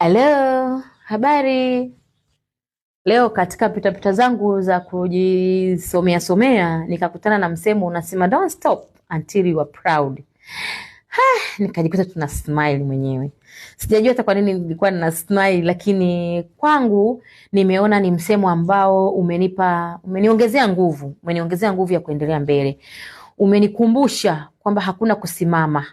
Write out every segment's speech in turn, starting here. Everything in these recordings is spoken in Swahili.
Hello, habari. Leo katika pitapita zangu za kujisomea somea nikakutana na msemo unasema don't stop until you are proud. Ha, nikajikuta tuna smile mwenyewe. Sijajua hata kwa nini nilikuwa nina smile, lakini kwangu nimeona ni msemo ambao umenipa, umeniongezea nguvu, umeniongezea nguvu ya kuendelea mbele, umenikumbusha kwamba hakuna kusimama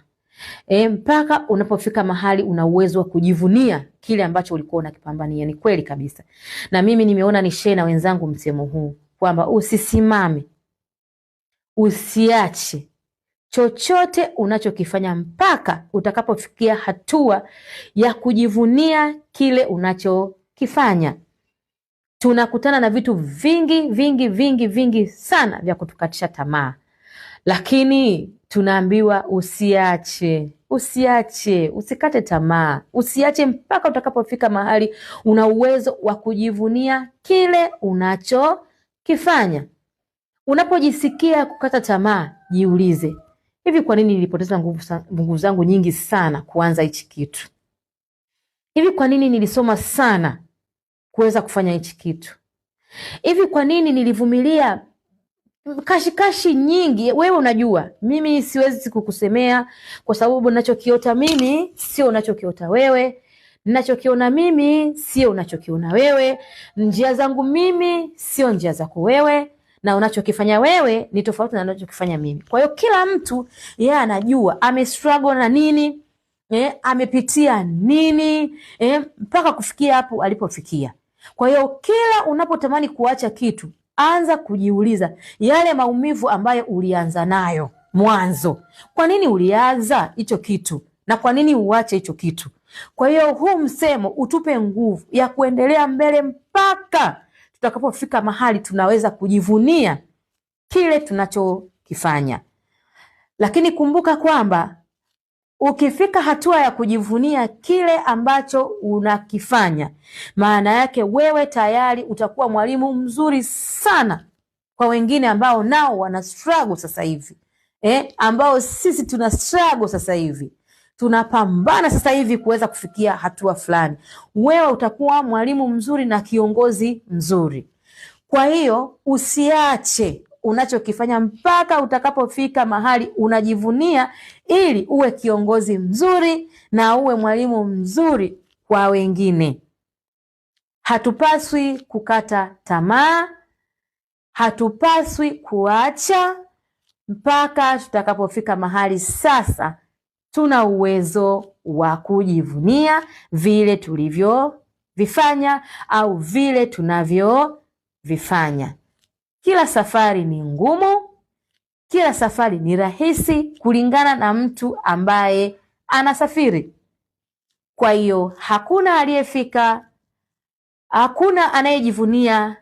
e, mpaka unapofika mahali una uwezo wa kujivunia kile ambacho ulikuwa unakipambania. Ni kweli kabisa, na mimi nimeona ni share na wenzangu msemo huu kwamba usisimame, usiache chochote unachokifanya mpaka utakapofikia hatua ya kujivunia kile unachokifanya. Tunakutana na vitu vingi vingi vingi vingi sana vya kutukatisha tamaa, lakini tunaambiwa usiache, usiache, usikate tamaa, usiache mpaka utakapofika mahali una uwezo wa kujivunia kile unachokifanya. Unapojisikia kukata tamaa, jiulize, hivi kwa nini nilipoteza nguvu zangu nyingi sana kuanza hichi kitu? Hivi kwa nini nilisoma sana kuweza kufanya hichi kitu? Hivi kwa nini nilivumilia kashikashi kashi nyingi. Wewe unajua mimi siwezi kukusemea kwa sababu nachokiota mimi sio unachokiota wewe, nachokiona mimi sio unachokiona wewe, njia zangu mimi sio njia zako wewe, na unachokifanya wewe ni tofauti na unachokifanya mimi. Kwa hiyo kila mtu yeye anajua amestruggle na nini eh, amepitia nini eh, mpaka eh, kufikia hapo alipofikia. Kwa hiyo kila unapotamani kuacha kitu anza kujiuliza yale maumivu ambayo ulianza nayo mwanzo, kwa nini ulianza hicho kitu na kwa nini uache hicho kitu? Kwa hiyo huu msemo utupe nguvu ya kuendelea mbele mpaka tutakapofika mahali tunaweza kujivunia kile tunachokifanya, lakini kumbuka kwamba Ukifika hatua ya kujivunia kile ambacho unakifanya, maana yake wewe tayari utakuwa mwalimu mzuri sana kwa wengine ambao nao wana struggle sasa hivi eh, ambao sisi tuna struggle sasa hivi tunapambana sasa hivi kuweza kufikia hatua fulani. Wewe utakuwa mwalimu mzuri na kiongozi mzuri. Kwa hiyo usiache unachokifanya mpaka utakapofika mahali unajivunia, ili uwe kiongozi mzuri na uwe mwalimu mzuri kwa wengine. Hatupaswi kukata tamaa, hatupaswi kuacha mpaka tutakapofika mahali sasa tuna uwezo wa kujivunia vile tulivyovifanya au vile tunavyovifanya. Kila safari ni ngumu, kila safari ni rahisi kulingana na mtu ambaye anasafiri. Kwa hiyo hakuna aliyefika, hakuna anayejivunia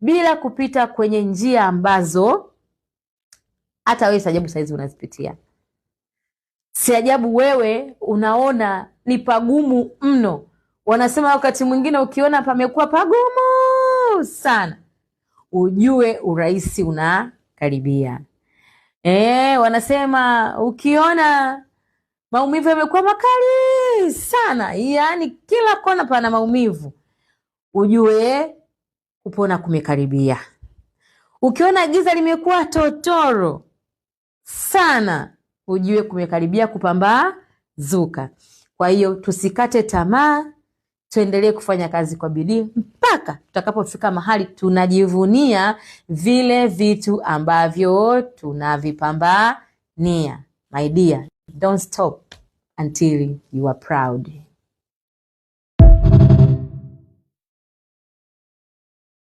bila kupita kwenye njia ambazo hata wewe siajabu saizi unazipitia. Si ajabu wewe unaona ni pagumu mno. Wanasema wakati mwingine ukiona pamekuwa pagumu sana ujue urais unakaribia. Eh, wanasema ukiona maumivu yamekuwa makali sana, yaani kila kona pana maumivu, ujue kupona kumekaribia. Ukiona giza limekuwa totoro sana, ujue kumekaribia kupambazuka. Kwa hiyo tusikate tamaa, tuendelee kufanya kazi kwa bidii mpaka tutakapofika mahali tunajivunia vile vitu ambavyo tunavipambania. My dear, don't stop until you are proud.